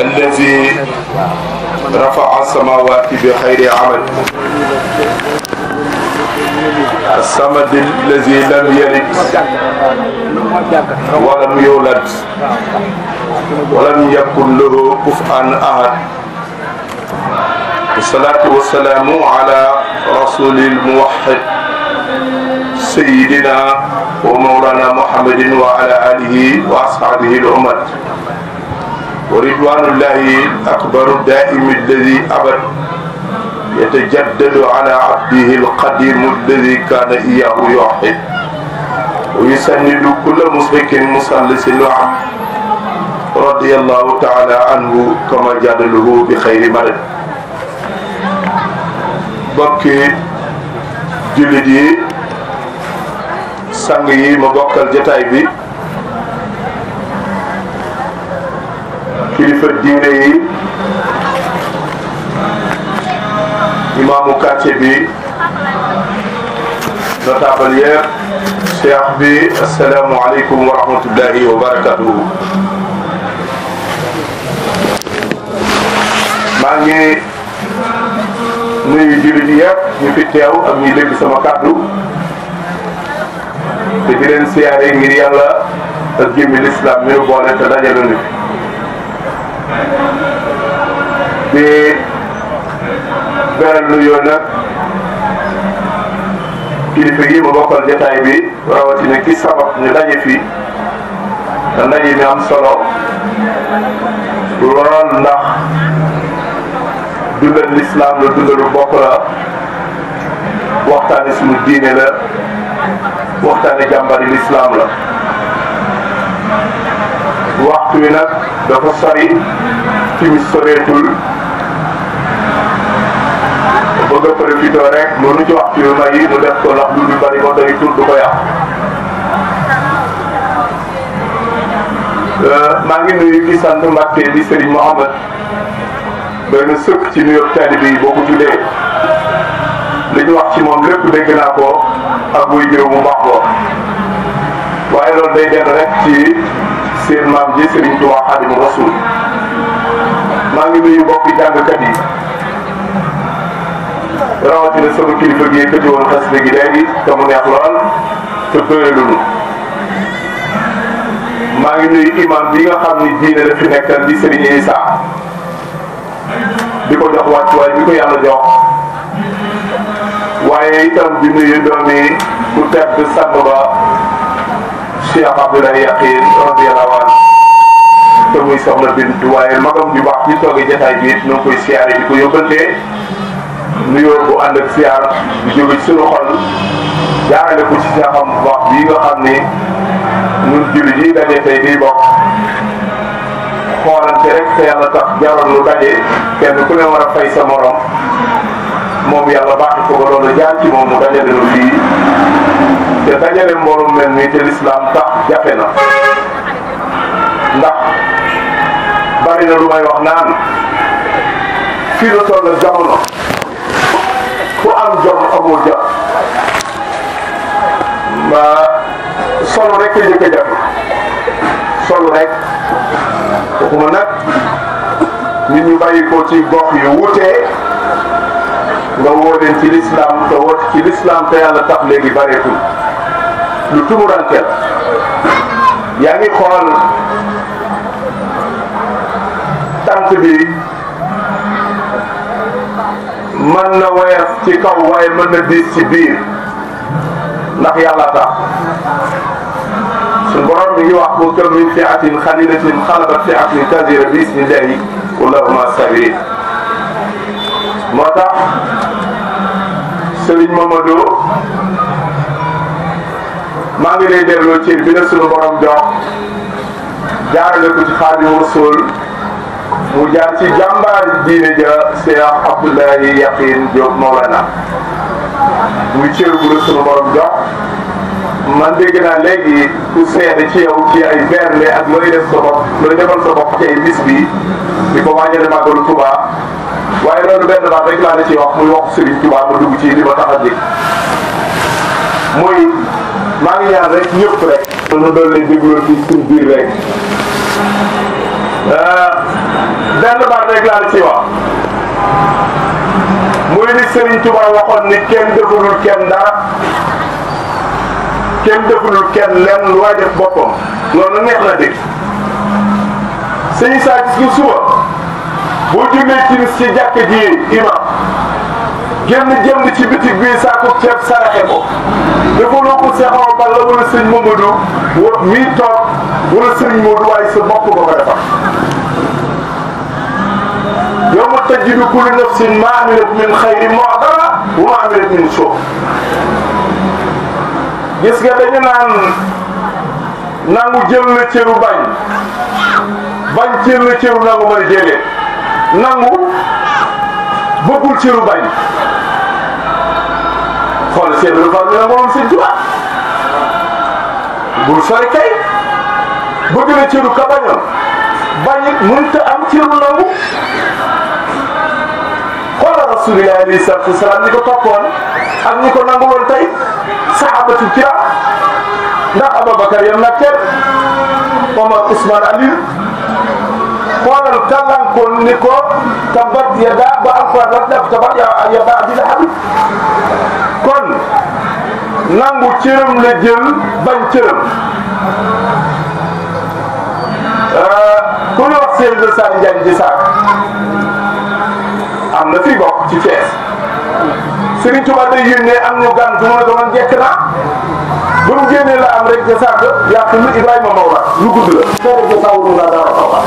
الذي رفع السماوات بخير عمل الصمد الذي لم يلد ولم يولد ولم يكن له كفءا احد والصلاة والسلام على رسول الموحد سيدنا ومولانا محمد وعلى آله وأصحابه الأمة wa ridwanullahi akbaru daimi alladi abad yatajaddadu ala abdihi alqadimu alladi kaana iyahu yuxid wa yusannidu kulla musbikin musallisin wa radiyallahu taala anhu kama jadaluhu bi xayri madad bokki jullit yi sang yi ma bokkal jataay bi kilifa diine yi imaamu quartier bi notable yëpp cheikh bi asalaamualeykum wa rahmatullahi wa barakatuhu maa ngi nuyu jullit yëpp ñu fi teew ak ñuy dégg sama kàddu te di leen siyaare ngir yàlla ak jëmmi lislaam mi nu boole te dajale nu fi di beral nuyoo nag kilifa yi ma bokkal jotaay bi rawatina ki sabab ñu daje fii te ndaje mi solo lool ndax dundal lislaam la dundalu bokk la waxtaane suñu diine la waxtaane jàmbari lislaam la waxtu dafa sori timis soreetul bëgg a profité rek mënu ci wax ci yu may yi mu def ko ndax du ñu bari ko day tur du ko yàq euh, maa ngi nuyu di sant Mbacke di Serigne Mohamed benn ci nuyu taalibe yi boo ko tuddee li ñu wax ci moom lépp dégg naa ko ak buy jëw mu baax ko waaye loolu day dem rek ci seen maam ji Serigne Touba Xaadimu Rasuul maa ngi nuyu mbokki jàngkat yi rawati rawatina sama kilifa gi yëkkati woon xasida gi léegi te mu neex lool te doyalunu maa ngi nuyu imam bi nga xam ni diine la fi nekkal di Serigne isa di ko jox wàccuwaay bi ko yàlla jox waaye itam di nuyu doomi ku tedd sàmm ba Cheikh Abdoulaye Yaqin radiyallahu te muy soxna Bintu waaye magam ju baax ci toogee jotaay bi it ñoo koy siyaare di ko yóbbante nuyoo bu ànd ak siyaar di jóge ci suñu xol jaarale ko ci sa xam bu baax bii nga xam ni ñun jullit yi daje tey di bokk xoolante rek te yàlla tax jaroon lu daje kenn ku ne war a fay sa morom moom yàlla baax ko ba loolu jaar ci moom mu dajale lu lii te dajale mboolum mel ni te lislaam tax jafe na. bari na lu may wax fii la sol jamono ku am jom amoo jàpp ma sol rekk la njëkk a jàpp solo rek nag nit ñu bàyyi ko ci gox yu wutee nga woo ci lislaam te woote ci lislaam te yàlla tax léegi bareetul lu tumuranteel yaa ngi xool tànt bi mën na woyof ci kaw waaye na diis ci biir ndax yàlla tax suñu borom mi ngi wax bu kam min fiatin xalilatin xalabat fiatin kasira bi ismillahi wallahuma sabiir moo tax Sëriñ Mamadou maa ngi lay delloo cër bi la suñu borom jox jaarale ko ci Xaadimu mu jaar ci jàmbaari diine ja Cheikh Abdoulaye Yaqin Diop Mawlana muy cër bu la sunu borom jox man dégg naa léegi ku seede ci yow ci ay bernde ak looy def sa bopp looy defal sa bopp ci ay bis bi di ko waajale màggalu Tuba waaye loolu benn baat rek laa la ci wax muy wax Serigne Tuba ma dugg ci li ma tax a jóg muy maa ngi ñaan rek ñëpp rek. dana doon leen déglu ci suñu biir rek. Ah. benn baat rek laa ci wax muy li Serigne Touba waxoon ni kenn defulul kenn dara kenn defulul kenn lenn lu waay boppam loolu neex na dégg sëñ saa gis nga suba boo jullee timis ci jàkk ji imam génn jënd ci bitig bi sàkku ceeb saraxe ko dafa loo ko seexoo ba la wala sëñ Mamadou wa mii toog wala sëñ Mamadou waaye sa bopp ko defar يوم تجد كل نفس ما عملت من خير معطرة وما عملت من سوء gis nga dañu naan nangu jël na cëru bañ bañ jël na cëru nangu mën a jege nangu bëggul cëru bañ xool seen lu fal na moom seen tubaab bul sori kay bëgg na cëru ka bañoon bañ mënta am cëru nangu rasulillahi alayhi salatu wasalaam ñi ko toppoon ak ñi ko nanguloon tey sahabatu kira ndax abubakar yam na teet omar ousmane ali xoolal kàllankoon ni ko tabat yada ba alquran tabat kon nangu cëram la jël bañ cëram ku wax ji na fi bokk ci Thiès Serigne Touba day yónnee am ñu gan du ma la doon jekk naa ba mu génnee la am rek de sànq yàq lu Ibrahima Maodo lu gudd la. keroog de sànq mu laa dara Maodo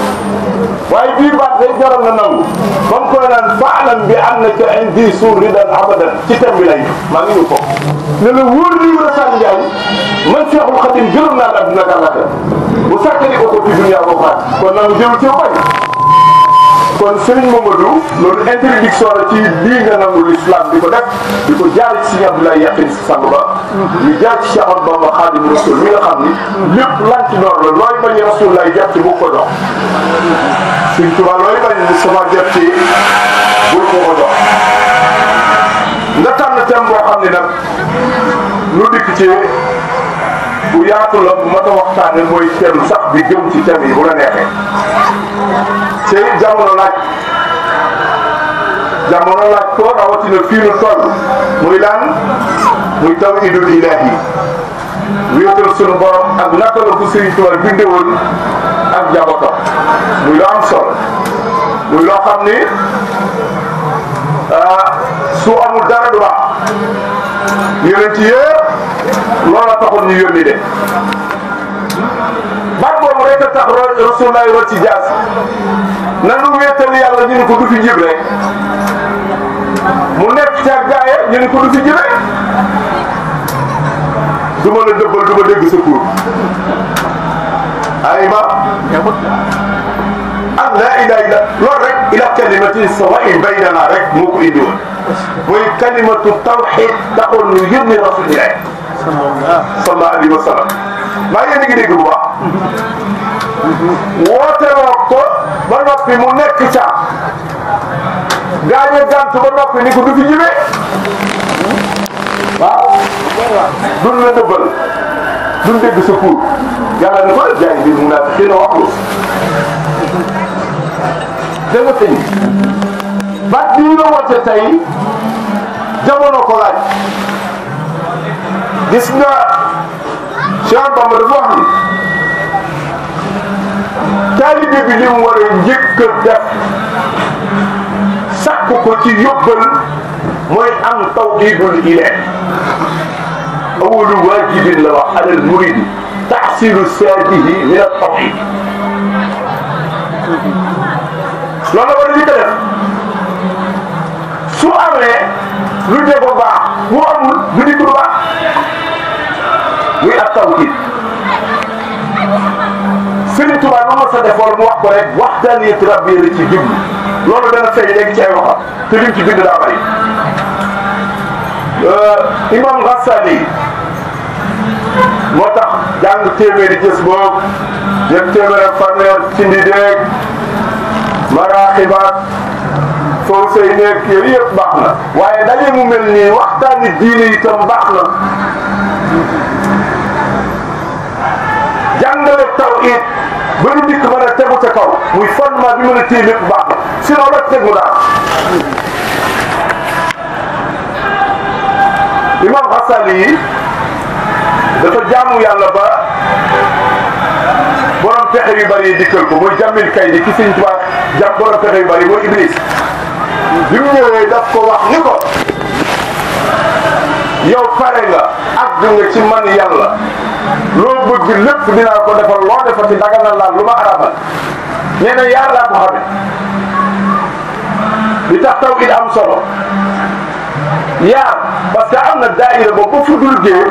waaye bii baat day jaral na nangu ba mu koy naan faalam bi am na ca indi suur di dal abadan ci thème bi lay maa ngi ñu ko. ne la wóor lii wala Sane Ndiaye man Seexul Xadim gërëm naa la ak dina gàllankoor bu sàkkee ko ko ci dunya boo xaar kon nangu jëm ci waay. kon Serigne Momadou loolu interdiction la ci lii nga nangu l'islam di ko def di ko jaar ci Serigne Abdoulaye Yakhine Samb ba ñu jaar ci Cheikh Bamba Khadim Rasoul mi nga xam ni lépp lantinoor la lay jot bu ko dox Serigne looy bañ sama jot ci bul ko ko dox nga tànn thème boo xam ne nag bu yaatu la bu mat a mooy thème sax bi jëm ci thème yi bu la neexee te jamono laaj jamono laaj ko rawatina fii nu toll muy lan muy tawhidul ilaahi wéetal sunu borom ak naka la ko Sëriñ Tuubaa bindewoon ak njabootam muy lu am solo muy loo xam ni ah, su amul dara du baax yéen ci yëpp. loola taxul ñu yónni de baat boobu rek a tax rasulullaay root ci jaas na lu wéetal yàlla ñu ne ko du fi jib mu nekk ca gaaya ñu ne du fi jibe du ma la dëbbal du ma dégg sa kuur aywa ak laa ilaaha illa loolu rek ila kalimati sawaa'in baynanaa rek moo ko indiwoon mooy kalimatu tawxiid taxoon sallallahu alayhi wa sallam maa ngi leen di dégg bu baax. woote mu nekk ca gaañ a gàntu ba ni ko du fi ñëwee waaw duñ la dëbbal duñ dégg sa pour yàlla ko bi mu naan wax lu baat bii nga woote tey jamono ko gis nga Cheikh Bamba dafa wax ni taalibe bi li mu war a njëkk a def sàkk ko ci yóbbal mooy am tawxiidul ilaah awalu waajibin la wax alal muridi taxsilu saadihi min al tawxiid loolu la war a njëkk a def su amee lu dee ko baax bu amul lu di ko tawkiid Sëriñ Tuubaa lu ma sa defoon mu wax ko rek waxdaaniyatu rabbi la ci jublu loolu dana feeñ léegi ci ay waxam te lim ci bind daa bari euh, imam Ghazali moo tax jàng téeméeri jës boobu yëpp téeméer ak fanweer cindi déeg maraaxibaat foofu say nekk yooyu yëpp baax na waaye daje mu mel nii waxtaan ni diine itam baax na jàngale tawhid ba lu dikk mën a tegu ca kaw muy fondement bi mën a téye lépp baax na sinon rek tegu daal. imam Xasali yi dafa jaamu yàlla ba borom pexe yu bëri yi dikkal ko kay di ki Sëñ Tuubaa jàmm borom pexe yu bëri mooy Iblis bi ko wax ni ko yow pare nga àgg nga ci man loo bëgg lépp dinaa ko defal loo defal ci daganal laa lu ma arabal nee na yaar laa tax taw it am solo yaar parce que am na daayira ba ba fu dul dee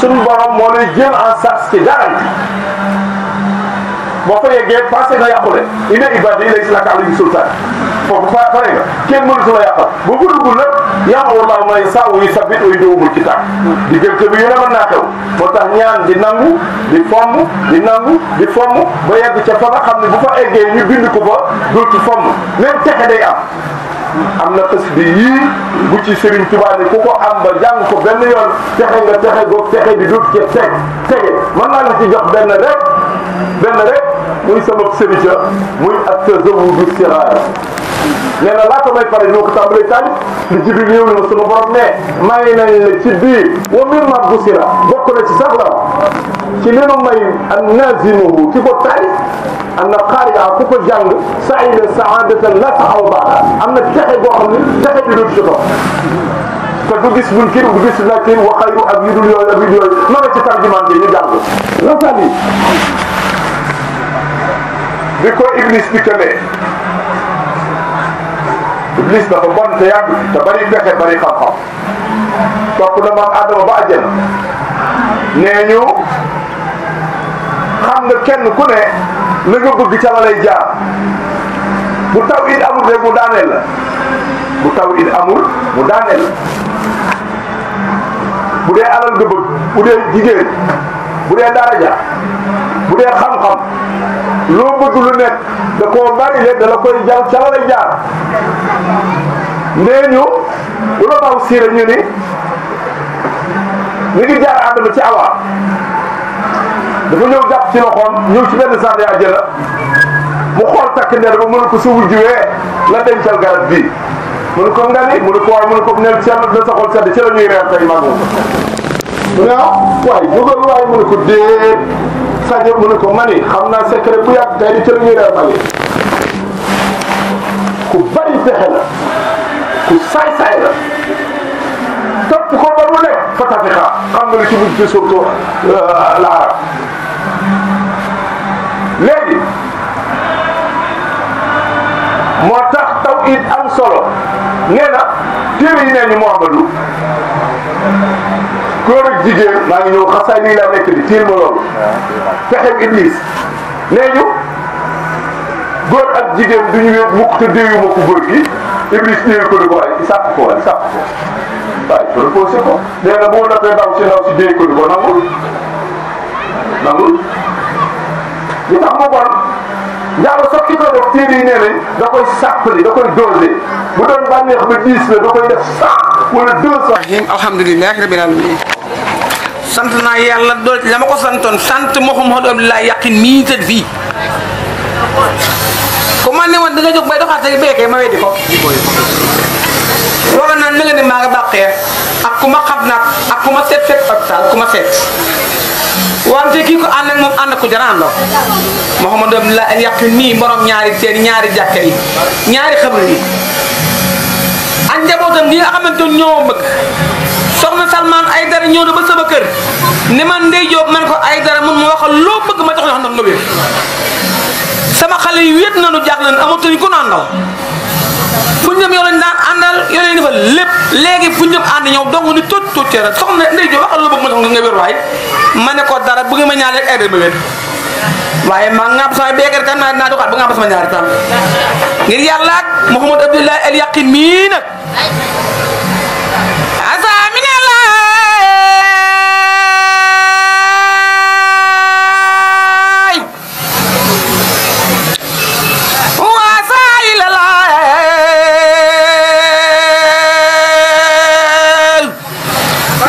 suñu borom moo lay jël en charge ci dara ji boo fa yeggee passé na yàqule ina ibadi sultaan foofu pare nga kenn mënatu la yàqal bu ko dugg ya'muruna ma yashaa wa yuthabbitu wa yu'umul kitaab diggante bi yu ne mën naa xew moo tax ñaan di nangu di fomm di nangu di bi ba yegg ca fa nga xam ne bu fa eggee ñu bind ko fa dul ci fomm même texe day am. am na xës bi yii bu ci Serigne Touba ne ku ko am ba jàng ko benn yoon texe nga texe goog texe bi dut ci teg tege mën naa la ci jox benn rek benn rek muy sama sëriñ muy ak sa zawudu nee na laata may pare ñoo li Jibril ñëw na ma sunu borom ne may nañ la ci biir wa min ma busira bokk na ci sax la ci li nu may an nazimuhu ki ko taari am na xaar yaa ku jàng saa yi ne saadatan la taxaw baada am na texe boo xam ne texe bi du ci te du gis mun kii du gis nakir wa xayru ak yu dul yooyu ak yu dul yooyu ma nga ci tarjumaan bi ñu jàng rasali bi ko iblis iblis dafa bon te yàgg te bari pexe bari xam-xam topp na maam Adama ba nee ñu xam nga kenn ku ne la nga bëgg ca bu taw it amul rek mu daaneel la bu taw it amul mu daaneel la bu dee alal nga bëgg bu dee jigéen bu dee daraja bu dee xam-xam loo bëgg lu nekk da koo bari le da la koy jal ca la lay nee ñu bu la maw siira ñu ni ñu ngi jaar àddama ci awa dafa ñëw jàpp ci loxoom ñëw ci benn sànni àjjana mu xool takk nder ba mënu ko su wujjuwee la dencal garab bii mënu ko nga ni ko waaye mënu ko neel sell na sa xol sedd ci la ñuy reer tey mag mu waaw ah, waaye jógal waaye mënu ko déet Sadio mu ne ko mani xam naa secret bu yàgg tey di cër ñuy reer mani ku bari pexe la ku saay saay la topp ko ba mu nekk fatafixa xam nga lu ci mujj surtout euh, la arab léegi moo tax taw it am solo nee na téere yi nee ñu Muhammadu góor ak jigéen maa ngi ñëw xasaay lii laa nekk di tiil ma loolu fexem iblis nee ñu góor ak jigéen du ñu wéet mukk te déeyu ma ko góor gi iblis déeyu ko di ko waaye sàkk ko waaye sàkk ko waaye proposé ko nee na boo nappee ndaw si ndaw si déey ko di ko nangul nangul li tax mu bon njaaro sax ki ko def téere yi nee nañ da koy sàppali da koy dosé bu doon bànneex ba diis la da koy def sax wala rahim alhamdulilah rabbil alamin sant naa yàlla dool la ma ko sant mohamad abdullah yaqin mii tëdd fii ko man ne da nga jóg bay doxaat rek beekee ma weddi ko waroon naa ne la ne nga ak ak wante ko ak ko abdullah yaqin borom ñaari ñaari ñaari njabootam gi nga xamante ni ñoo bëgg soxna Salman ay dara ñëw na ba sama kër ni man Ndey Jóob man ko ay gara mun ma wax loo bëgg ma jox la nga wér sama xale yi wéet nañu jaaxle na amatuñu ku naan ndaw fu ñu dem yow lañ daan àndal yow lañ defal lépp léegi fu ñu dem ànd ñëw donc ni toj toj cee rek soxna Ndey Jóob loo bëgg ma jox nga wér waaye ma ne ko dara bu ngeen ma ñaanee ay dara ma wér. waaye ma ŋàpp sama beegar kan naa dinaa doxaat ba ŋàpp sama ñaari tànk ngir yàlla ak Mouhamad Abdoulaye El Yaqin mii nag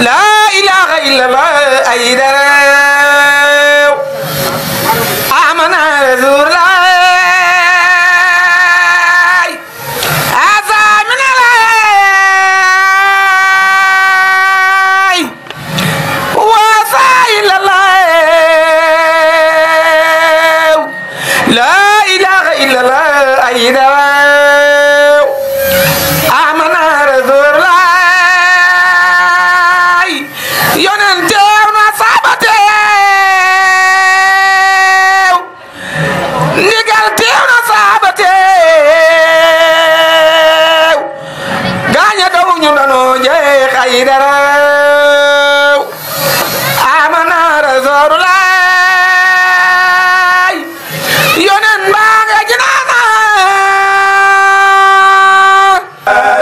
la ilaha illallah لدرو آمنا رسول الله يونن باغ جنانا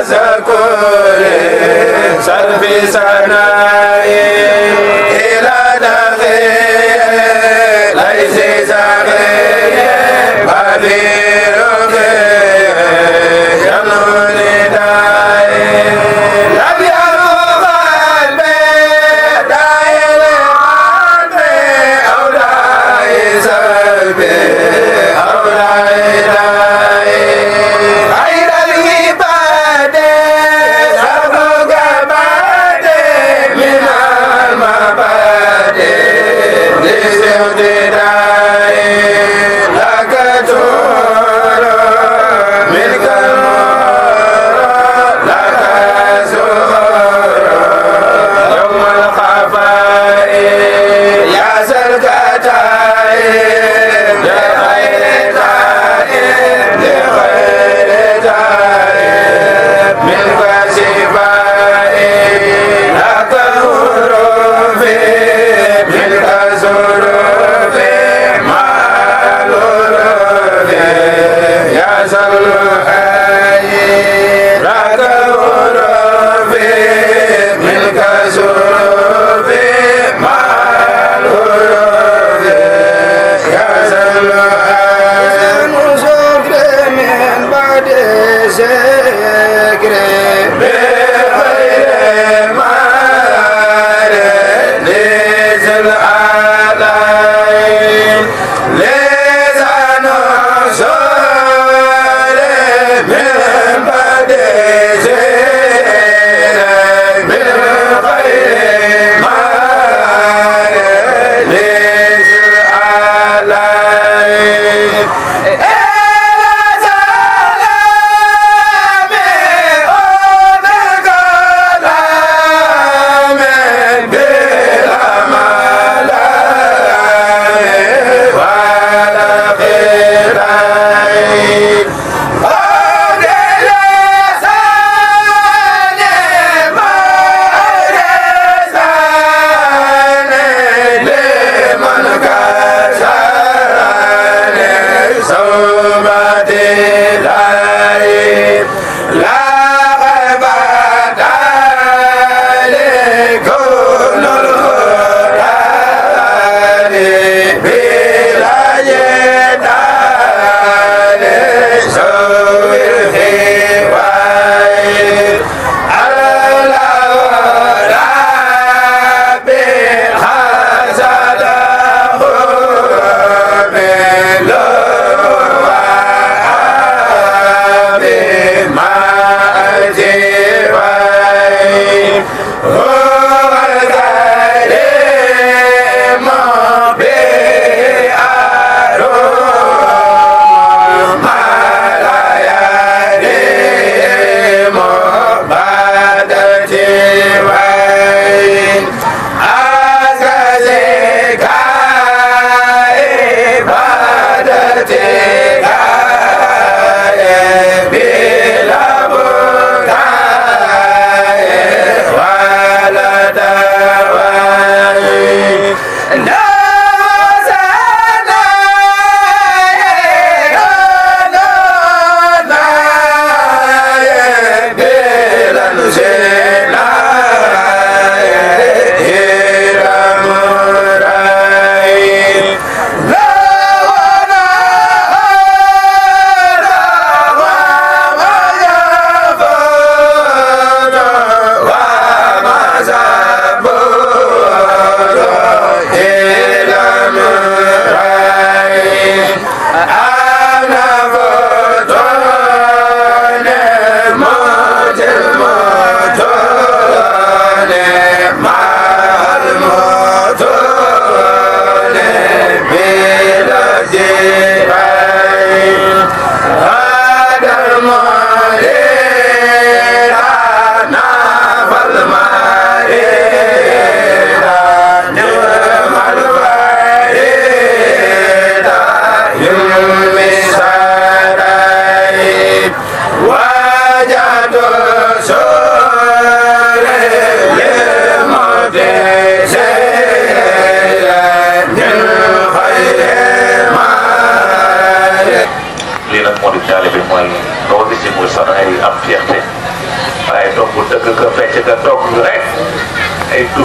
سركوري سرفي سنا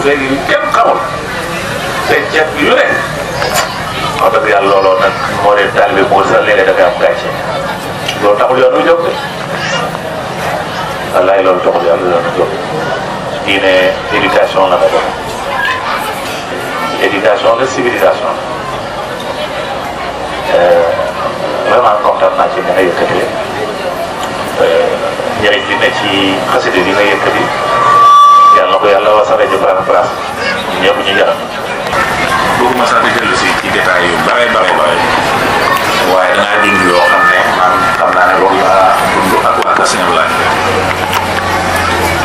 léegi yu kenn xamul te ceeb yu ne wax dëgg yàlla looloo nag moo dee taalibe moo sax léeg-léeg dafay am gàcce loolu taxul yoon wi jóg de wallaay loolu taxul yoon wi jóg diine éducation la nga doon éducation la civilisation euh, vraiment kontaan naa ci li nga yëkkati euh, njëriñ li ne ci xasida yi nga yëkkati yàlla wasaare ji place place ñëpp ñu jàll. boobu ma sax di dellu si ci détails yu bare bare bare waaye danaa dund yoo xam ne man xam naa ne loolu laa dund ak waa Kër Sëñ Ablaye.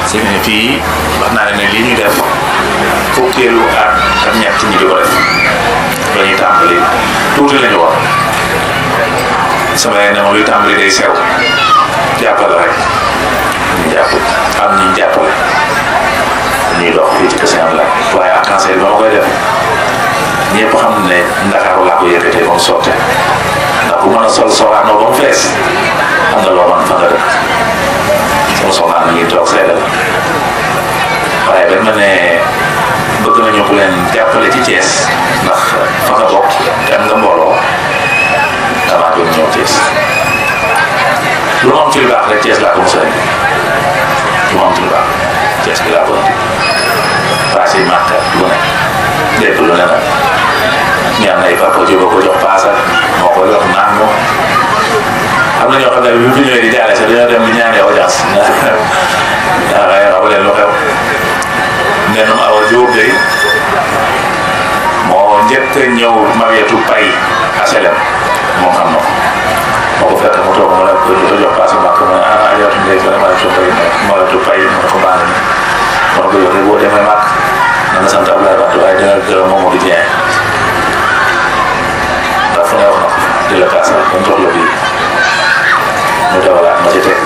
sëñ ne fii wax naa ne li ñu def fukkeelu at ak ñett ñi di ko ñuy dox fii ci kër Sëñ Abdou Lahad waaye arc-en-ciel ba ma koy def ñëpp xam ne Ndakaaru laa ko yëkkatee ba mu sotte ndax bu mën a sol soxlaanoo ba mu fees xam nga loo mën fa nga def sama soxlaan ngi toog seedal waaye ba ma ne bëgg nañu ku leen jàppale ci Thiès ndax fa nga bokk dem nga mbooloo damaa doon ñëw Thiès lu ma am ci lu baax rek Thiès laa ko mos a indi lu ma am ci lu baax Thiès bi laa ko indi facilmente alcune dei problemi. Niam na ipa poti boko jok pasa, boko jok mango. Amna jok kada bibi bibi di dale, sa dia dem binyane ojas. Na kaya ka wala lokaw. Nenum awal jurde, mo njette nyaw mabietu pai aselem, mo kamno. mau fekka mo togo mo la ko jok pasa makko mo ana ayot ndey sa ma to pai mo ko bani. Mo ko yori bo dem makko. Mwenye sant Ablaye Bakh waaye dina gërëm moom di la untuk lebih mu jox la bii mu dawalaat di génn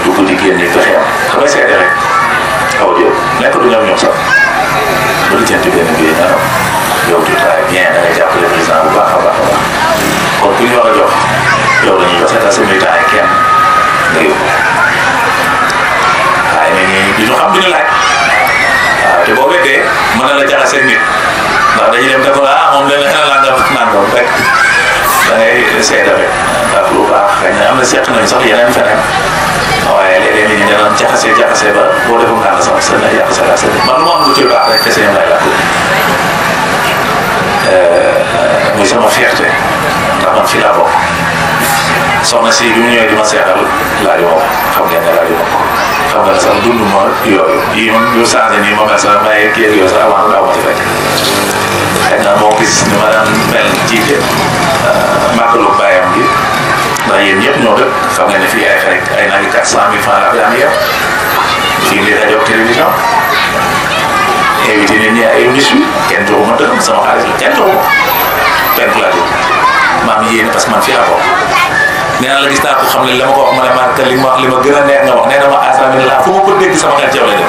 pexeem xam nga seede rek aw yow nekk du ñoom ñoom sax ba li jënd benn bii na yow tu taay bien leen di seetale ak am na seet nañ sax yeneen feneen waaye léeg-léeg nit ñi danañ jaxase jaxase ba boo deful naan sax sa na yàq sa la sa man lu ma am lu ci baax rek kese lay làkk muy sama fierté ndax si bi mu ñëwee ma seetal laaj woo xam ngeen ne laaj yêu, yêu thì một cái kia, Kapasan tundumal, jaj, én jó szállni, ma persze, mely kéri az állán rámagyarek. Ennél ma kis nem menni csíkét, mákolok bájam ki, de én nyilv nyolod, fogni fi elfelek, én nem itt számi fáradjánia, fénylét egy oktérvizsna, én vitén én nyilv én is, kentó homadon, szóval házat, kentó, pentuládó, mám jén, pas man fiába. nee na la gis naa ko xam ne la ma ko wax ma ne Marka li ma li ma gën a neex nga wax nee na ma asalaamaaleykum laa fu ma ko dégg sama xel jaww dem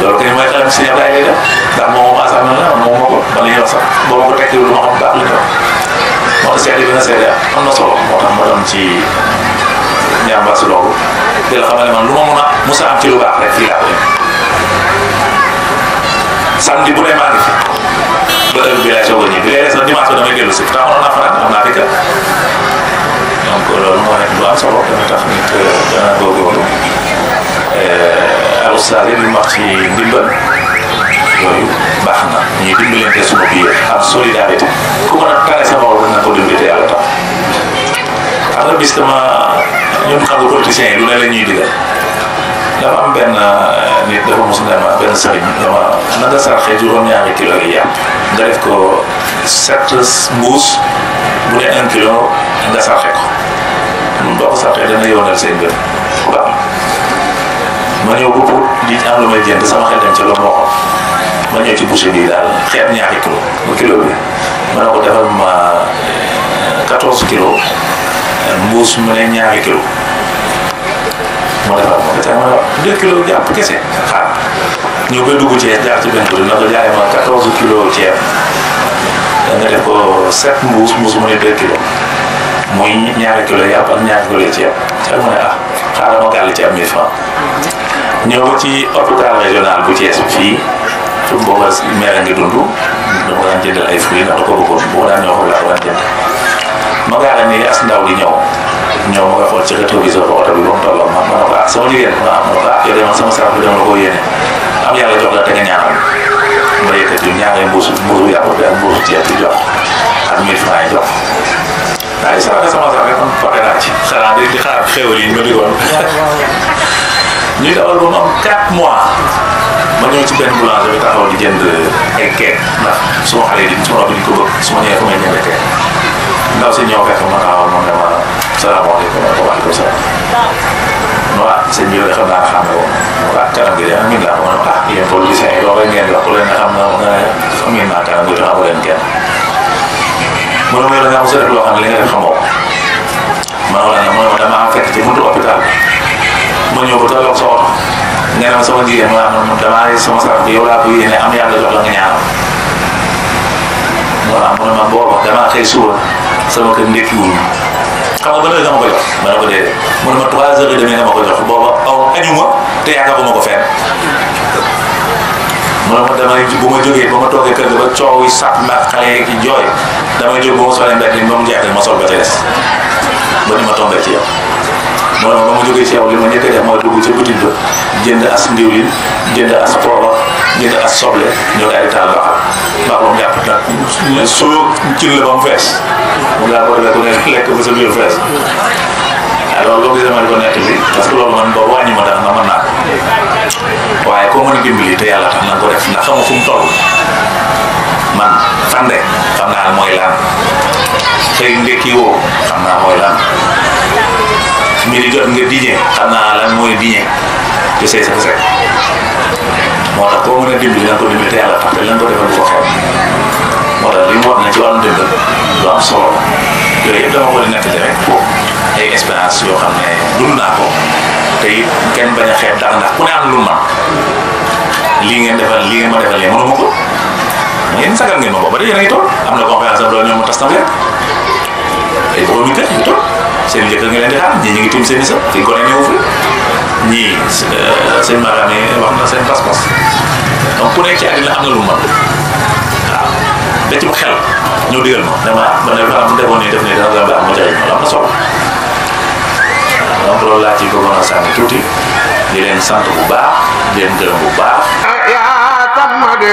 loolu kay mooy xelam si yàlla lay def ndax moom moom asalaamaaleykum moom moo ko ba ñuy wax sax boo ma ko tekki lu ma xam baax ñu wax moo tax am na solo moo tax ma ci ñaambaas loolu di la xamal man lu ma mun a musa am ci lu baax rek fii laa ko samedi bu dee maa ngi fi ba heure bi laay soog a ñëw bi lay des dimanche ba damay si naa am naa fi donc loolu moo nekk lu am solo dana tax nit dana góorgóorlu euh, al ustaas li mu wax ci ndimbal yooyu baax na ñuy dimbalante biir am solidarité ku mën a tare sa morom na ko dimbali te yàlla tax xam nga bis dama ñun xam nga politiciens yi lu ne la ñuy digal dafa am benn euh, nit dafa mos ne ma benn sëriñ dama na nga saraxee juróom-ñaari kilo yi yàpp nga def ko sept mbuus bu dee un kilo nga sarxe ko boo ko sarxee dana yoonal seen mbir ma ñëw ba di am lu may jënd sama xel dem ca loolu moo xam ma ñëw ci boucher bi daal xeet ñaari kilo mu kilo bi ne ko euh, euh, mu ne ñaari kilo mu defal ma ko ma deux kilos jàpp kese xaar ñëw ba dugg ceeb jaar ci benn bëri na ko jaay ma quatorze kilos ceeb. danga def ko sept mbuus mbuus mu ne deux kilos muy ñaari kilo yàpp ñaari kilo ceeb ceeb mu ah xaaral ma gàll ci am 1000 francs ñëw ba ci hôpital régional bu Thiès bi fii su booba meera ngi dund dama daan jëndal ay fruits ndax da ko bëggoon boo ñëw foofu laa ko as ndaw di ñëw ñëw ma nga ci rétroviseur ba oto ba mu tolloo ma ma ne ko ah, sama jigéen ma ma ne ko ah yow de man la ko yéene mbay ka ju ñaari mbuus mbuuru yàpp bi ak mbuuru ceeb bi jox ak mille franc jox waaye sama ne sama sax rek man pare ci xanaa di di xaar xéewal yi ma di woon ñu dawal ba mu am 4 mois ma ñëw ci benn boulanger bi taxaw di jënd ay keek ndax suma xale di suma rabbi di ko bëgg suma ñëwee fu may ñëwee keek ndaw si ñëw fekk ma taxaw ma ne ma salaamaaleykum wa rahmatulah waa sëñ bi dafa baax xam nga waa kanam gi de am ngeen laa moom ah yéen politiciens yi loolu ngeen wax ku leen xam na nga xam ngeen naa kanam gi de xamu leen kenn mu ne ma yow nga am sa def loo xam ne li nga def xamoo ma ne la mu sama jigéen xam nga ban heure ma ko jox ma ne ko déedéet mu ne ma trois heures et demie nga ma ko jox booba aw añu ma te yàggaguma ko fenn. mu ne ma damay bu ma jógee ba ma toogee kër ga ba coow ma xale yi jooy damay ma solee mbedd mi ba mu ma sol ba ca ba ni ma tombé ci moo ma jógee ci yow li ma njëkk def mooy dugg ci boutique ba jënd as ndiwlin jënd as pooba jënd as soble ñëw daal taal baax baax ba jàpp nag soo ci la ba mu fees mu daal ko lekk ne lekk ba sa biir fees alors loolu gisee ma di ko nekk parce que loolu man boo wàññi ma dara na naa waaye mën a dimbali te yàlla tax na ko def ndax fu mu toll man xam naa mooy xëy woo xam naa mooy mbiri jot nga diñee xam naa lan mooy diñee ci say sëkk sëkk moo tax koo mën a dimbali nga ko dimbali te yàlla tax te lan ko defal bu ko xew moo tax li mu wax na ci wàllu dimbal lu am ko te it kenn bañ a xeeb dara ndax ku ne am lu man lii ngeen defal lii ngeen ma defal lee mënuma ko ngeen sagal ngeen ma booba de yéen a ngi am na conférence am doon ñoom ma tas tam ay boobu ñu tëj ñu toog seen jëkkër ngi leen di xaar ñu ngi tiim seen i sëb fii gone ñëw fi ñii euh, seen maanaam wax na seen pas-pas ku nekk ci àddina am na lu mu mën ma dama ma ne maanaam defoon nii def nii ma jaay ma am na solo loolu laa ci bëggoon a sànni tuuti di leen sant bu baax di leen gërëm bu baax. yaa tam ma de.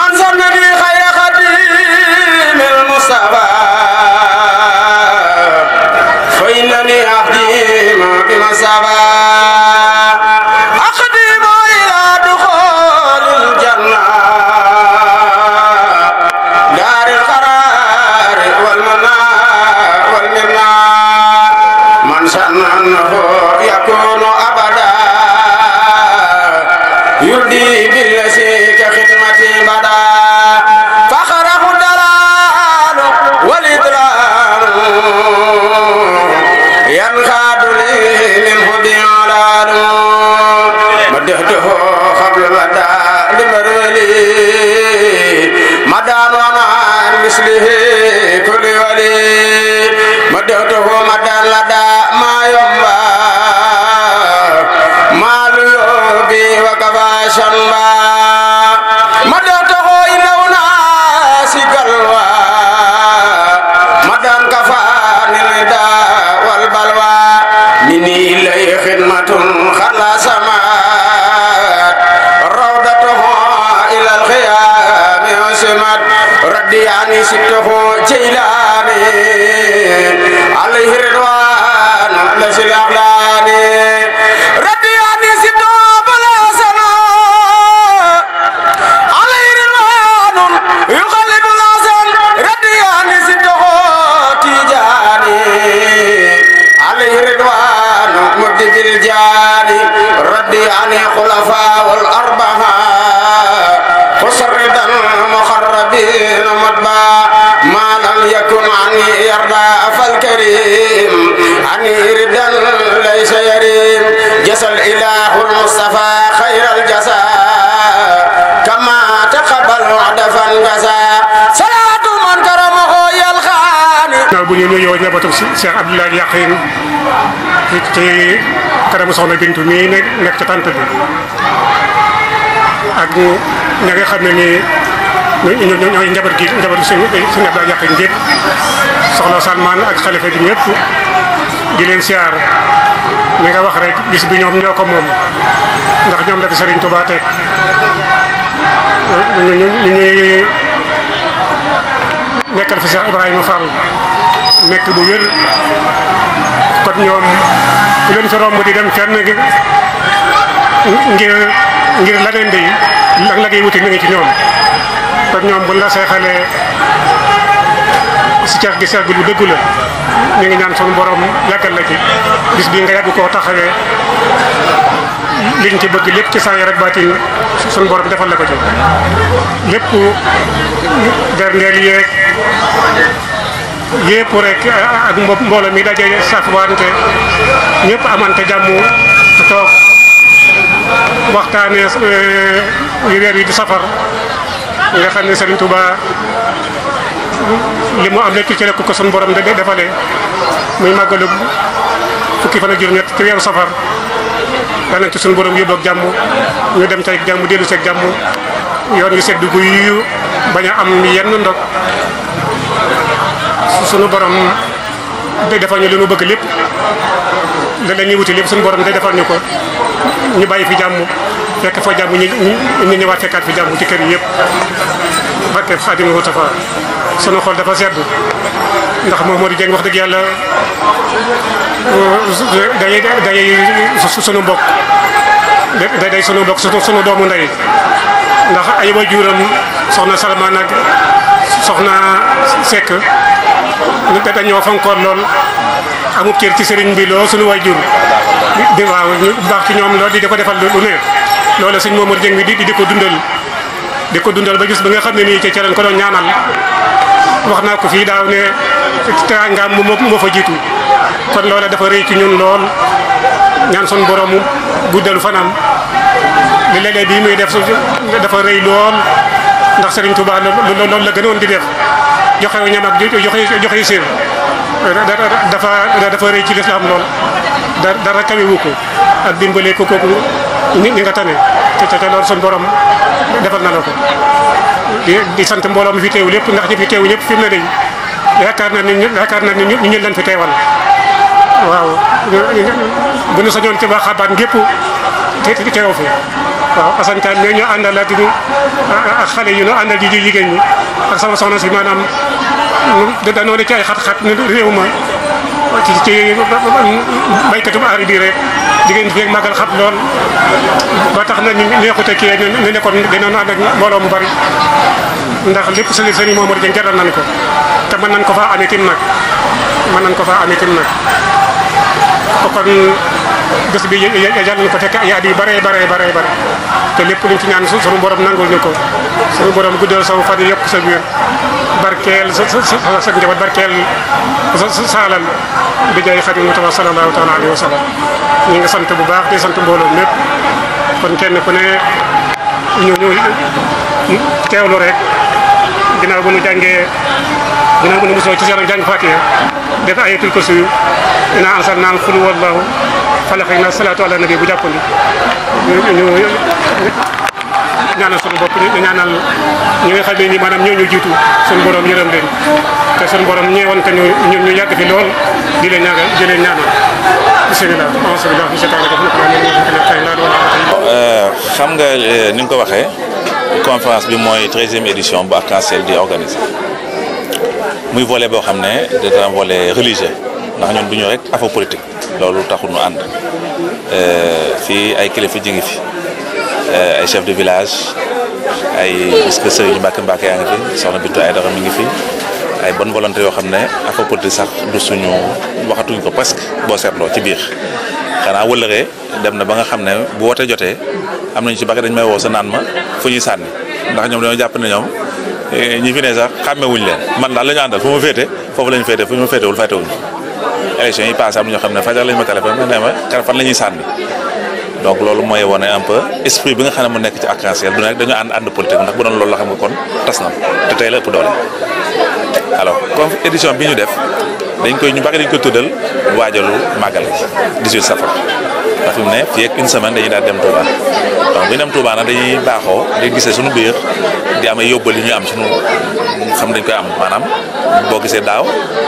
man sonn bi xayra xadim al mustafa fa innani ahdim bi mustafa ودهته قبل مدى لمرولي مدى وانا عن مثله كل ولي مدهته مدى لدى ما ينبى ما ليوبي وكفى شنبى الكلمات ردي عني سته جيلاني عليه رضوان لسي الأغلاني ردي عني سته بلا سنا عليه رضوان يغلب الأزل ردي عني سته تيجاني عليه رضوان مبدي بالجاني ردي عني خلق عني يرضى فالكريم عني ردا ليس يريم جسى الإله المصطفى خير الجزاء كما تقبل عدفا جزاء صلاة من كرمه يلخاني بني نيو نبتو سير عبد الله اليقين ci karamu soxna bintu mi nek ci tante bi ak ña nga xamne ni ñoy njabar gi njabar suñu suñu da yaqin jëpp soxna Salman ak xalifa bi ñepp di len siar mi nga wax rek bis bi ñom ñoko mom ndax ñom dafa Serigne Touba tek ñu ñu nekkal fi Cheikh Ibrahima Fall nekk bu wër kon ñom ku len fi romb di dem gi ngir ngir la len di ak la wuti ngi ci ñom kon ñom bu la seexalee si cax gi seggul bu dëggu la ñu ngi ñaan sunu borom yàggal la ci bis bi nga yàgg koo taxawee liñ ci bëgg lépp ci saay rek baatin sunu borom defal la ko ci lépp dernier yeeg yépp rek ak mbob mbooloo mi daje safwante ñëpp amante jàmm toog waxtaanee eh, weer yi di safar nga xam Serigne Touba limu am nek ci lekk ko sun borom de defale muy magal fukki fana jur ñet ci wéru safar danañ ci sun borom yóbbu ak jàmm ñu dem tay jamm delu sek jamm yoon yu seddu gu yu baña am yenn ndog sunu borom de defal ñu li bëgg lepp da lañuy wuti lepp sun borom de defal ñuko ñu bayyi fi jamm fekk fa jàmm ñi ñi ñëwaat fekkat fi jamm ci kër yépp barke Xaadimu Mustafa sunu xol dafa sedd ndax Mamadou jeng wax dëgg yàlla day day sunu mbokk day day sunu mbokk sunu doomu ndey ndax ay wajuram soxna Salma nag soxna Seck da dañoo fonkoon lool amub cër ci sëriñ bi loo sunu wajur di waaw ñu baax ci ñoom lool di ko defal lu ne loola sëñ Mamadou Dieng bi di di ko dundal di ko dundal ba gis ba nga xam ne nii ca ca ko doon ñaanal wax naa ko fii daaw ne teraangaam moom moo fa jiitu kon loola dafa rëy ci ñun lool ñaan sun borom guddalu fanam li léeg-léeg bii muy def dafa rëy lool ndax Serigne Touba loolu la gënoon di def joxe wu ñam ak joxe joxe séer dafa dafa rëy ci lislaam lool dara kawewu ko ak dimbale ko kooku ñi nga tane te ca loolu sun borom defal na la ko. di di sant mbooloo mi fi teew lépp ndax ñi fi teew ñëpp fi mu ne day na ni yaakaar na ñu ñu leen fi teewal waaw bu ñu sañoon ci waa Xabaan gépp te teew fi waaw Assane Thiam mais ñu àndal ak ak xale yu ñu àndal ji ji jigéen ak sama soxna si maanaam danoo ne ci ay xat-xat réew ma ci ci baykatum aar bi rek diggante bi ak màggal xam lool ba tax na ñu neexute kii rek ñu nekkoon dinañu ànd ak mbooloo mu bari ndax lépp sëriñ sëriñ Momar Dieng jaral nañ ko te mën nañ ko faa amee tim nag mën nañ ko faa amee nag kon bés bi yàlla nañ ko fekk ay yaa yu bare bare bare bare te lépp luñ ci ñaan sunu borom nangul ñu ko sunu borom guddal saw fan yokk sa biir barkeel sa sa sa njaboot barkeel sa sa saalal bi jaay xadim Mustafa sallallahu taala alayhi wa sallam ñi nga sant bu baax di sant ñu ñu teewlu rek ginnaaw bu nu jàngee ginnaaw bu nu mosoo ci seen jàng Fatiha def ayatul kursi ina ansal naan xul wallahu falaxi na salaatu ala nabi bu jàppandi ñu ñaanal sunu bopp ñu ñaanal ñi nga xam ne ni maanaam ñoo ñu jiitu sunu borom yërëm leen te sunu borom ñeewoon te ñu ñu yàgg fi lool di leen ñaanal di leen ñaanal bisimilah bisimilah monsieur Talla Diop xam nga euh, ni nga ko waxee conférence bi mooy 13e édition bu arc di organisé muy volet boo xam ne dina am volet religieux ndax ñun du ñu rek affaire politique loolu taxul ñu ànd euh, fii ay kilifa ji ngi fi. Eh, ay chef de village ay puisque Serigne Mbacke Mbacke yaa ngi fi soxna Bintu Aydara mi ngi fi ay bonne volonté yoo xam ne Afropod sax du suñu waxatuñ ko presque boo seetloo ci biir xanaa wëllëree dem na ba nga xam ne bu wootee jotee am nañu ci bari dañ may woo sa naan ma fu ñuy sànni ndax ñoom dañoo jàpp ne ñoom eh, ñi fi ne sax xàmme wuñ leen man daal la ñu àndal fu ma féete foofu la ñu féete fu ñu ma féetewul féetewuñ élection yi passé am na ñoo xam ne fajar lañ ma téléphone ne ma kar fan la ñuy sànni donc lolu moy woné un peu esprit bi nga xamné mo nek ci arc-en-ciel du nekk dañu and ànd politique ndax bu don lolu la xam nga kon tas na te tey la ëpp doole alors comme édition bi ñu def dañ koy ñu bari dañ ko tuddal wajalu magal 18 safar ndax fi mu ne fii ak une semaine dañuy daal dem Touba donc bu ñu dem Touba nag dañuy baaxoo di gisee suñu biir di am ay yóbbal yu ñu am suñu xam dañ koy am maanaam boo gisee daaw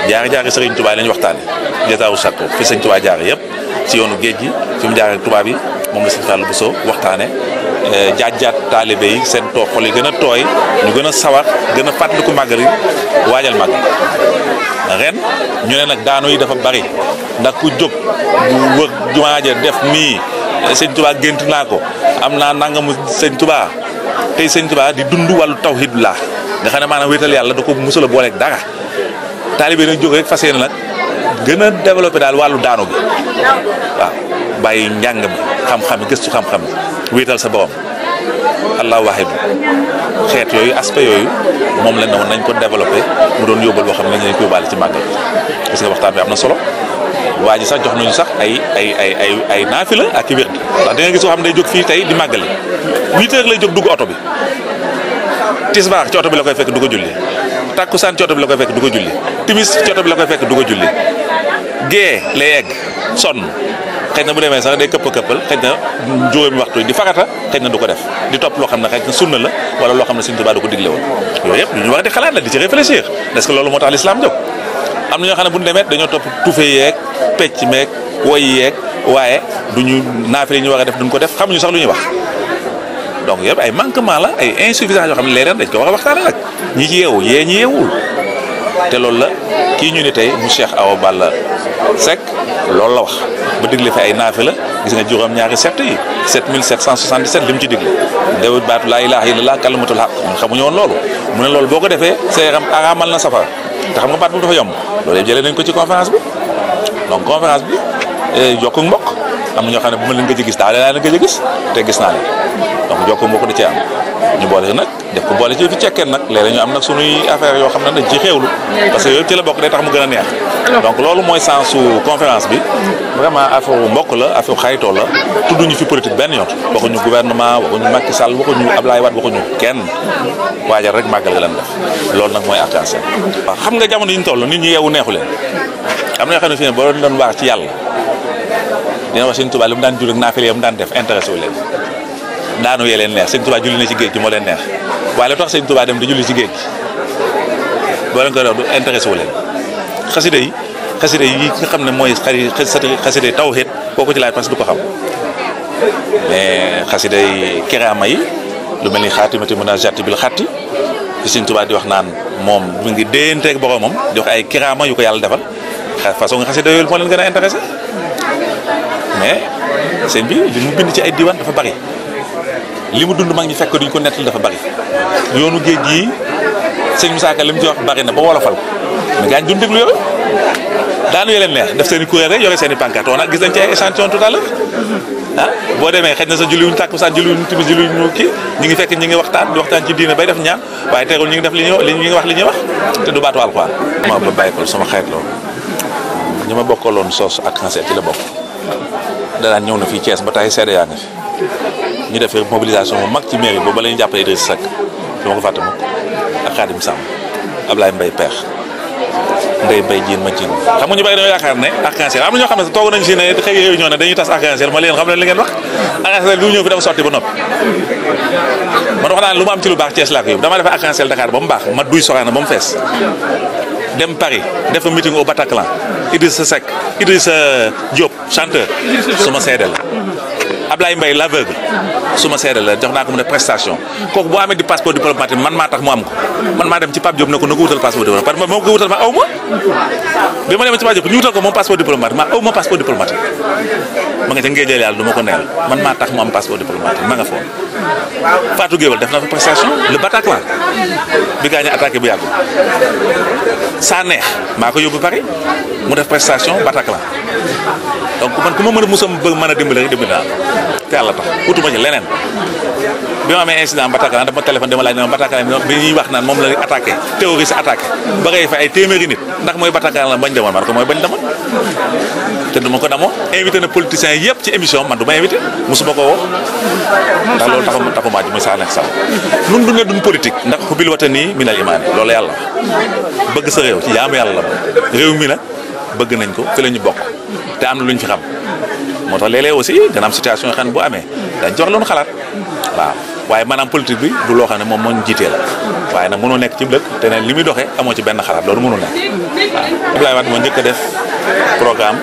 jaari-jaari Serigne Touba la ñu waxtaanee jotaawu sakku fi Serigne Touba jaar yëpp ci yoonu géej gi fi mu jaar ak Touba bi moom la Serigne Fallou Bousso waxtaanee. Eh, jaat taalibe yi seen too xol yi gën a tooy ñu gën a sawar gën a fàttaliku ko yi waajal mag ren ñu ne nag daanu yi dafa bari ndax ku jóg bu wër jumaa def nii eh, sëñ tubaa gént naa ko am naa nangamu sëñ tubaa tey sëñ tubaa di dund wàllu taw laa nga xam ne maanaam wéetal yàlla da ko musula booleeg dara taalibe nag jóg rek fas yéene nag gën a développé daal wàllu daanu gi waaw bàyyi njàng mi xam-xam gëstu xam-xam wéetal sa borom allah bi xeet yooyu aspect yooyu moom la ne woon nañ ko développé mu doon yóbbal boo xam ne dañ ko yóbbaale ci màggal parce que waxtaan bi am na solo waa ji sax jox nañu sax ay ay ay ay ay naafi la ak i wér ndax da gis koo xam ne day jóg fii tey di màggali huit heures lay jóg dugg oto bi tisbaar ci bi la koy fekk du ko julli takkusaan ci oto bi la koy fekk du ko julli timis ci oto bi la koy fekk du ko julli gée lay egg sonn xëy na bu demee sax day këpp këppal xëy na juróomi waxtu yi di farata xëy na du ko def di topp loo xam ne xëy na sunna la wala loo xam ne Sëriñ Tuubaa du ko digle woon yooyu yëpp ñu la di ci réfléchir est-ce que loolu moo tax l'islam jóg am na ñoo xam ne bu ñu demee dañoo waaye du ñu naafile ñu war a def duñ ko def xamuñu sax lu ñuy wax donc yëpp ay manquement la ay insuffisance yoo xam ne léeg-léeg dañ ko a waxtaane nag ñi ci yeewu yee ñi yeewul te loolu la kii ñu ne tey mu Cheikh Awa Balla Seck loolu la wax ba digle fi ay naafi la gis nga juróom-ñaari sept yi 7777 li mu ci digle dew baatu laa ilaaha illallaah kalimatul haqq ñun loolu mu ne loolu boo ko defee sa yaram araamal na safara te xam nga baat bu dafa yomb loolu yëpp jëlee nañ ko ci conférence bi donc conférence bi jokkuk eh, mbokk am ñoo xam ne bu ma leen gëj a gis daa leen gëj a gis te gis naa leen donc jokku mbokk da ci am ñu boole ci nag def ko boole ci fi cekkeen nag léeg-léeg ñu am nag suñuy affaire yoo xam ne dañ ci parce que yooyu ci la bokk day tax mu gën neex donc loolu mooy sens su conférence bi vraiment affaire mbokk la affaire xaritoo la tudduñu fi politique benn yoon waxuñu gouvernement waxuñu Macky Sall waxuñu Ablaye Wade waxuñu kenn waajal rek màggal ga leen def loolu nag mooy artisan waaw xam nga jamono yi ñu toll nit ñi yeewu neexu leen am na yoo fi ne boo doon wax ci yàlla dina wax sëñ Tuubaa lu mu daan julli naafile yam daan def intéressé wu leen daanu yee leen neex sëñ Tuubaa julli na ci géej gi moo leen neex waaye lu tax sëñ Tuubaa dem di julli ci géej gi boo leen koy doon du intéressé wu leen xasida yi xasida yi nga xam ne mooy xari xasida yi tawhid koo ko ci laaj parce que du ko xam mais xasida yi kiraama yi lu mel ni xaatimati munajati bil xatti ci sëñ Tuubaa di wax naan moom mu ngi déyanteeg boromam di wax ay kiraama yu ko yàlla defal façon nga xasida yooyu moo leen gën a intéressé mais sëñ bi li mu bind ci ay diiwaan dafa bari li mu dund mag ñi fekk duñ ko nettali dafa bari yoonu géej gi sëñ Moussa Ka li mu ci wax bari na ba wolofal mais gaañ duñ déglu yooyu daanu leen neex def seen i kuréel seen pancarte on gis nañ ci échantillon tout à l'heure ah boo demee xëj na sa julli wuñ tàkku sa julli wuñ timis julli wuñ kii ñi ngi fekk ñi ngi waxtaan di waxtaan ci diine bay def ñaan waaye teewul ñi ngi def li ñi wax li ñuy wax te du baatu alxuraan. ma ba bàyyi ko sama xarit lo ñi ma bokkaloon soos ak cancer ci la bokk danaan ñëw na fii Thiès ba taay seede yaa nga fi ñu defee mobilisation bu mag ci mairie boobu ba la ñu jàppale Idrissa Seck du ma ko fàtte mukk ak Khadim Samb Peex Ndeye Mbaye Diène ma ci ñu bari dañoo yaakaar ne ak cancer ñoo xam ne toog nañ si ne xëy dañuy tas ak cancer ma leen xam leen li ngeen wax ak cancer bi ñëw fi dafa sotti ba noppi man wax naa lu ma am ci lu baax Thiès laa ko yóbbu damaa defee ak cancer Dakar ba mu baax ma duy soxaana ba mu fees dem Paris def meeting au Bataclan Idrissa Seck Idrissa Diop chanteur suma sédel Ablaye Mbaye l'aveugle suma sédel la jox na ko mo prestation koku bo amé di passeport diplomatique man ma tax mo am ko man ma dem ci Pape Diop nako nako wutal passeport diplomatique parce que moko wutal ma awma ma dem ci Pape Diop ñu wutal ko mo passeport diplomatique ma awma passeport diplomatique ma nga ngey jël yalla duma ko neel man ma tax mo am passeport diplomatique ma nga fo Fatou Guewel def na fa prestation le Bataclan bi gaañ a attaqué bu yàggul saa neex maa ko yóbbu Paris mu def prestation Bataclan donc man ku ma mën a mos a mën a dimbali rek dimbali naa te yàlla tax utuma ci leneen. bi amé incident Mbataakalaan dama téléphone dama lay dama Mbataakalaan bi ñuy wax naan mom la attaquer terroriste attaqué ba eh, ngay fa ay téméri nit ndax moy Mbataakalaan la bañ demoon barko moy bañ demoon té duma ko damo invité na eh, politiciens yépp ci émission man duma invité musuma ko wo da loolu taxu taxu maa ji muy saa nekk sama nun du ne politique ndax ko bil watani min al iman loolu yalla bëgg sa réew ci yaamu yalla ya, ya, réew mi nag bëgg nañ ko fi lañu bok té te am luñ fi xam moo tax léeg aussi dana situation yoo xam ne bu amee dañ jox loon xalaat waaw waaye maanaam politique bi du loo xam ne moom moo ñu jiitee la waaye nag mënoo nekk ci dëkk te ne li muy doxee amoo ci benn xalaat loolu mënul nekk waaw Abdoulaye Wade moo njëkk a def programme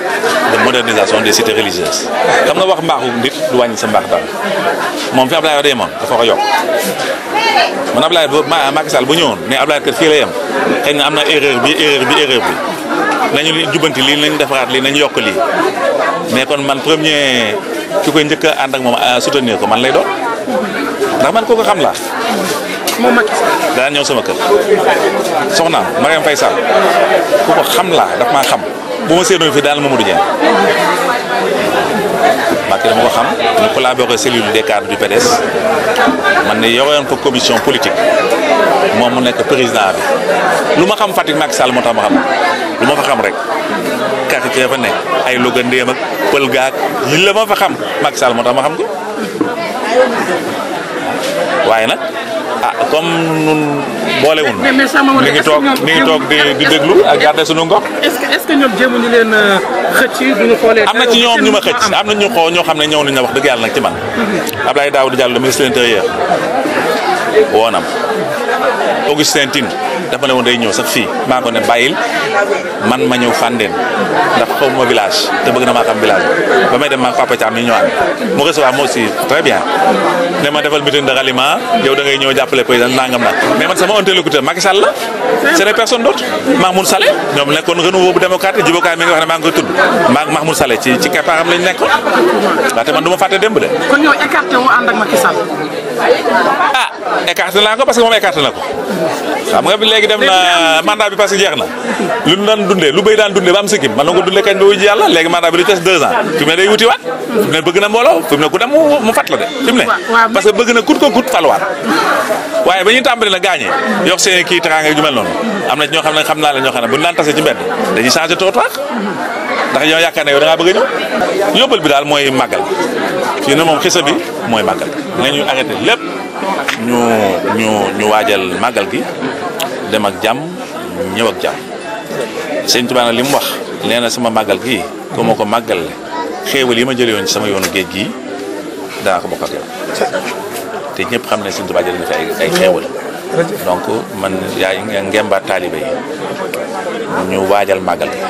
de modernisation des cités religieuses xam wax mbaaxu nit wàññi sa mbaax dara moom fi Abdoulaye Wade yemoon dafa ko yokk man Abdoulaye Macky Sall bu ñëwoon ne Abdoulaye kër fii la yem xëy na am na erreur bi erreur bi bi nañu jubanti li nañ defaat li nañ yokk lii mais kon man premier ki koy njëkk and ak mom euh, soutenir ko man lay do ndax man koko xam la mo Macky Sall da ñew sama kër soxna Mariam Faisal koko xam la daf ma xam bu ma séenoo fi dal Mamadou Dieng Macky dama ko xam ñu collaborer cellule des cadres du PDS man ne yoyon ko commission politique moom mu nekk président bi lu ma xam Fatick Macky Sall moo tax ma xam lu ma xam rek quartier fa ne ay Louga ndéem ak pël gaag li la ma fa xam Macky Sall moo tax ma xam ko nag ah comme nun boolewul ni ngi toog ngi toog di di déglu ak garder suñu ngox est-ce que ñoom euh, am na ci ñoom ñu ma xëcc am na ñu ñoo xam ne ñëw nañ la wax dëgg yàlla nag ci man mhm. Abdoulaye Daouda Diallo ministre de l'Intérieur woonam Augustin Tine dafa ne woon day ñëw sax fii maa ko ne bàyyil man ma ñëw Fandène ndax xaw ma village te bëgg na maa xam village ba may dem maa papa Thiam yi ñëwaat mu recevoir moi aussi très bien ne ma defal meeting de ralliement yow da ngay ñëw jàppale président nangam na mais man sama interlocuteur Macky Sall la c'est des personnes d'autres Mahmoud Saleh ñoom nekkoon renouveau bu démocrate jibokaay mi ngi wax ne maa ngi koy tudd maa Mahmoud Saleh ci ci keppaaram lañ nekkoon waaye te ma fàtte démb de. kon ñoo écarté ah écarté naa ko parce que moom écarté ko xam nga léegi dem na mandat bi parce jeex na lu ñu daan dundee lu béy daan dundee ba am sikkim man na ko dundee kañ ba wuji yàlla léegi mandat bi lu des deux ans fi mu ne day wuti waat fi mu ne bëgg na mbooloo fi mu ne ku dem mu fat la de fi ne parce que bëgg na kut ko kut faluwaat waaye ba ñuy tàmbali na gaañee yokk seen kii teraanga ju noonu am na ñoo xam naa la ñoo xam ne bu ñu daan tase ci mbedd ndax ñoo yaakaar ne yow da ngaa bëgg a ñëw yóbbal bi daal mooy màggal fii na moom xisa bi mooy màggal nañu arrêté lépp ñu ñu ñu waajal màggal gi dem ak jàmm ñëw ak jàmm sëñ tubaa na li mu wax nee na sama màggal gi ko ma ko màggal xéewal yi ma jëlee woon sama yoonu géej gi danaa ko bokk ak yow te ñëpp xam ne sëñ tubaa jëlee na fi ay ay xéewal donc man yaa ngemba taalibe yi ñu waajal màggal gi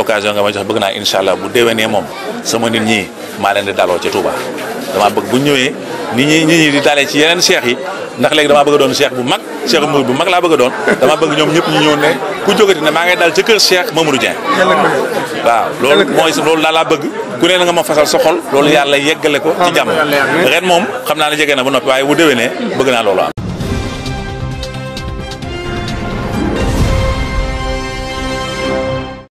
occasion nga ma jox bëgg naa incha allah bu déwénee moom sama nit ñi maa leen di daloo ci Touba damaa bëgg bu ñëwee nit ñi di dalee ci yeneen cheikh yi ndax léegi damaa bëgg doon cheikh bu mag cheikh murid bu mag laa bëgg a doon damaa bëgg ñoom ñëpp ñu ñëw ne ku jógati ne maa ngay dal ca kër cheikh a Dieng waaw loolu mooy loolu daal laa bëgg ku ne nga ma fasal sa loolu yàlla yeggale ko ci jàmm ren moom xam naa ne jege na ba noppi waaye bu déwénee